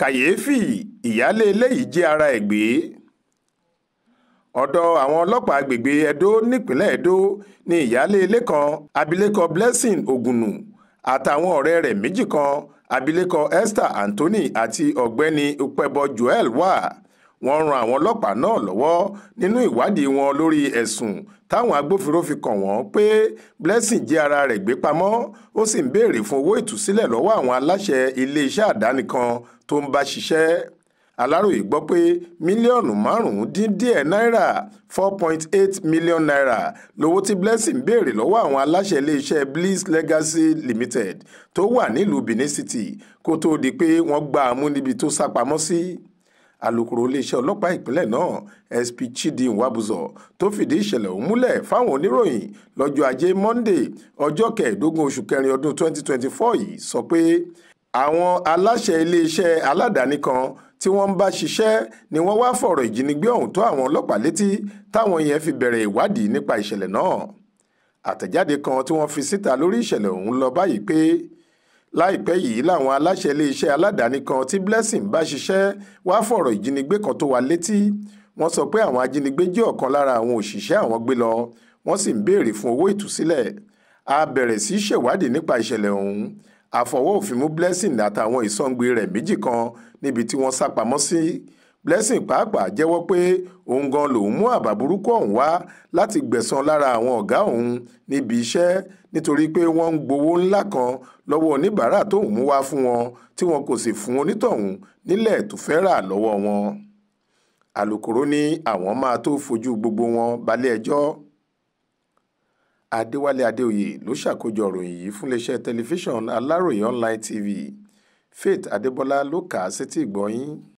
kàyééfì ìyáálé ilé yìí jẹ́ ara ẹ̀ gbé ọ̀dọ̀ àwọn ọlọ́pàá agbègbè Ẹdó nípínlẹ̀ Ẹdó ni ìyáálé ilé kan abilékọ Blessing Ògùnù àtàwọn ọ̀rẹ́ rẹ̀ méjì kan abilékọ Esther Anthony àti ọ̀gbẹ́ni Upebo Joel wà wọ́n ran àwọn ọlọ́pàá náà lọ́wọ́ nínú ìwádìí wọn lórí ẹ̀sùn táwọn agbófinró fi kàn wọ́n pé Blessing jí ara rẹ̀ gbé pamọ́ ó sì ń béèrè fún owó ìtúsílẹ̀ lọ́wọ́ àwọn aláṣẹ iléeṣẹ́ àdáni kan tó ń bá ṣiṣẹ́ aláròye gbọ́ pé mílíọ̀nù márùn-ún dín díẹ̀ náírà four point eight million naira lówó tí Blessing béèrè lọ́wọ́ àwọn aláṣẹ iléeṣẹ́ Bliss Legacy Limited tó wà nílùú Benin City kó tóó di pé wọ́n gbá a tó sá sí. Si alūkkóró iléeṣẹ́ ọlọ́pàá ìpínlẹ̀ náà sp chidi nwabuzo tó fìdí ìṣẹ̀lẹ̀ ọ̀hún múlẹ̀ fáwọn oníròyìn lọ́jọ́ ajé monday ọjọ́ kẹẹ̀ẹ́dógún oṣù kẹrin ọdún 2024 yìí sọ pé àwọn aláṣẹ iléeṣẹ́ aládàáni kan tí wọ́n ń bá ṣiṣẹ́ ni wọ́n wá fọ̀rọ̀ ìjínigbé ọ̀hún tó àwọn ọlọ́pàá létí táwọn yẹn fi bẹ̀rẹ̀ ìwádìí nípa ìṣẹ̀lẹ̀ náà àtẹ̀jáde kan tí wọ́n fi síta lórí ìṣẹ̀lẹ̀ ọ̀hún lọ báyìí pé láìpẹ́ yìí làwọn aláṣẹ iléeṣẹ́ aládàáni kan tí Blessing bá ṣiṣẹ́ wá fọ̀rọ̀ ìjínigbé kan tó wà létí wọ́n sọ pé àwọn ajínigbé jí ọ̀kan lára àwọn òṣìṣẹ́ àwọn gbé lọ wọ́n sì ń béèrè fún owó ìtúsílẹ̀ a bẹ̀rẹ̀ sí ṣèwádìí nípa ìṣẹ̀lẹ̀ ọ̀hún àfọwọ́ òfin mú Blessing àtàwọn ìsọ̀ǹgbè rẹ̀ méjì kan níbi tí wọ́n sá pamọ́ sí blessing pàápàá jẹ́wọ́ pé òun gan lòun mú àbá burúkú ọ̀hún wá láti gbẹ̀san lára àwọn ọ̀gá òun níbi iṣẹ́ nítorí pé wọ́n ń gbowó ńlá kan lọ́wọ́ oníbàárà tóun mú wá fún wọn tí wọn kò sì fún onítọ̀hún nílẹ̀ tó fẹ́ rà lọ́wọ́ wọn. alūkkóró ní àwọn máa tó fojú gbogbo wọn balẹ̀-ẹjọ́. adéwálé adéoyè ló ṣàkójọ ìròyìn yìí fún iléeṣẹ́ tẹlifíṣàn aláròye online tv faith adébọlá ló kà á sétí ìgbọ́yín.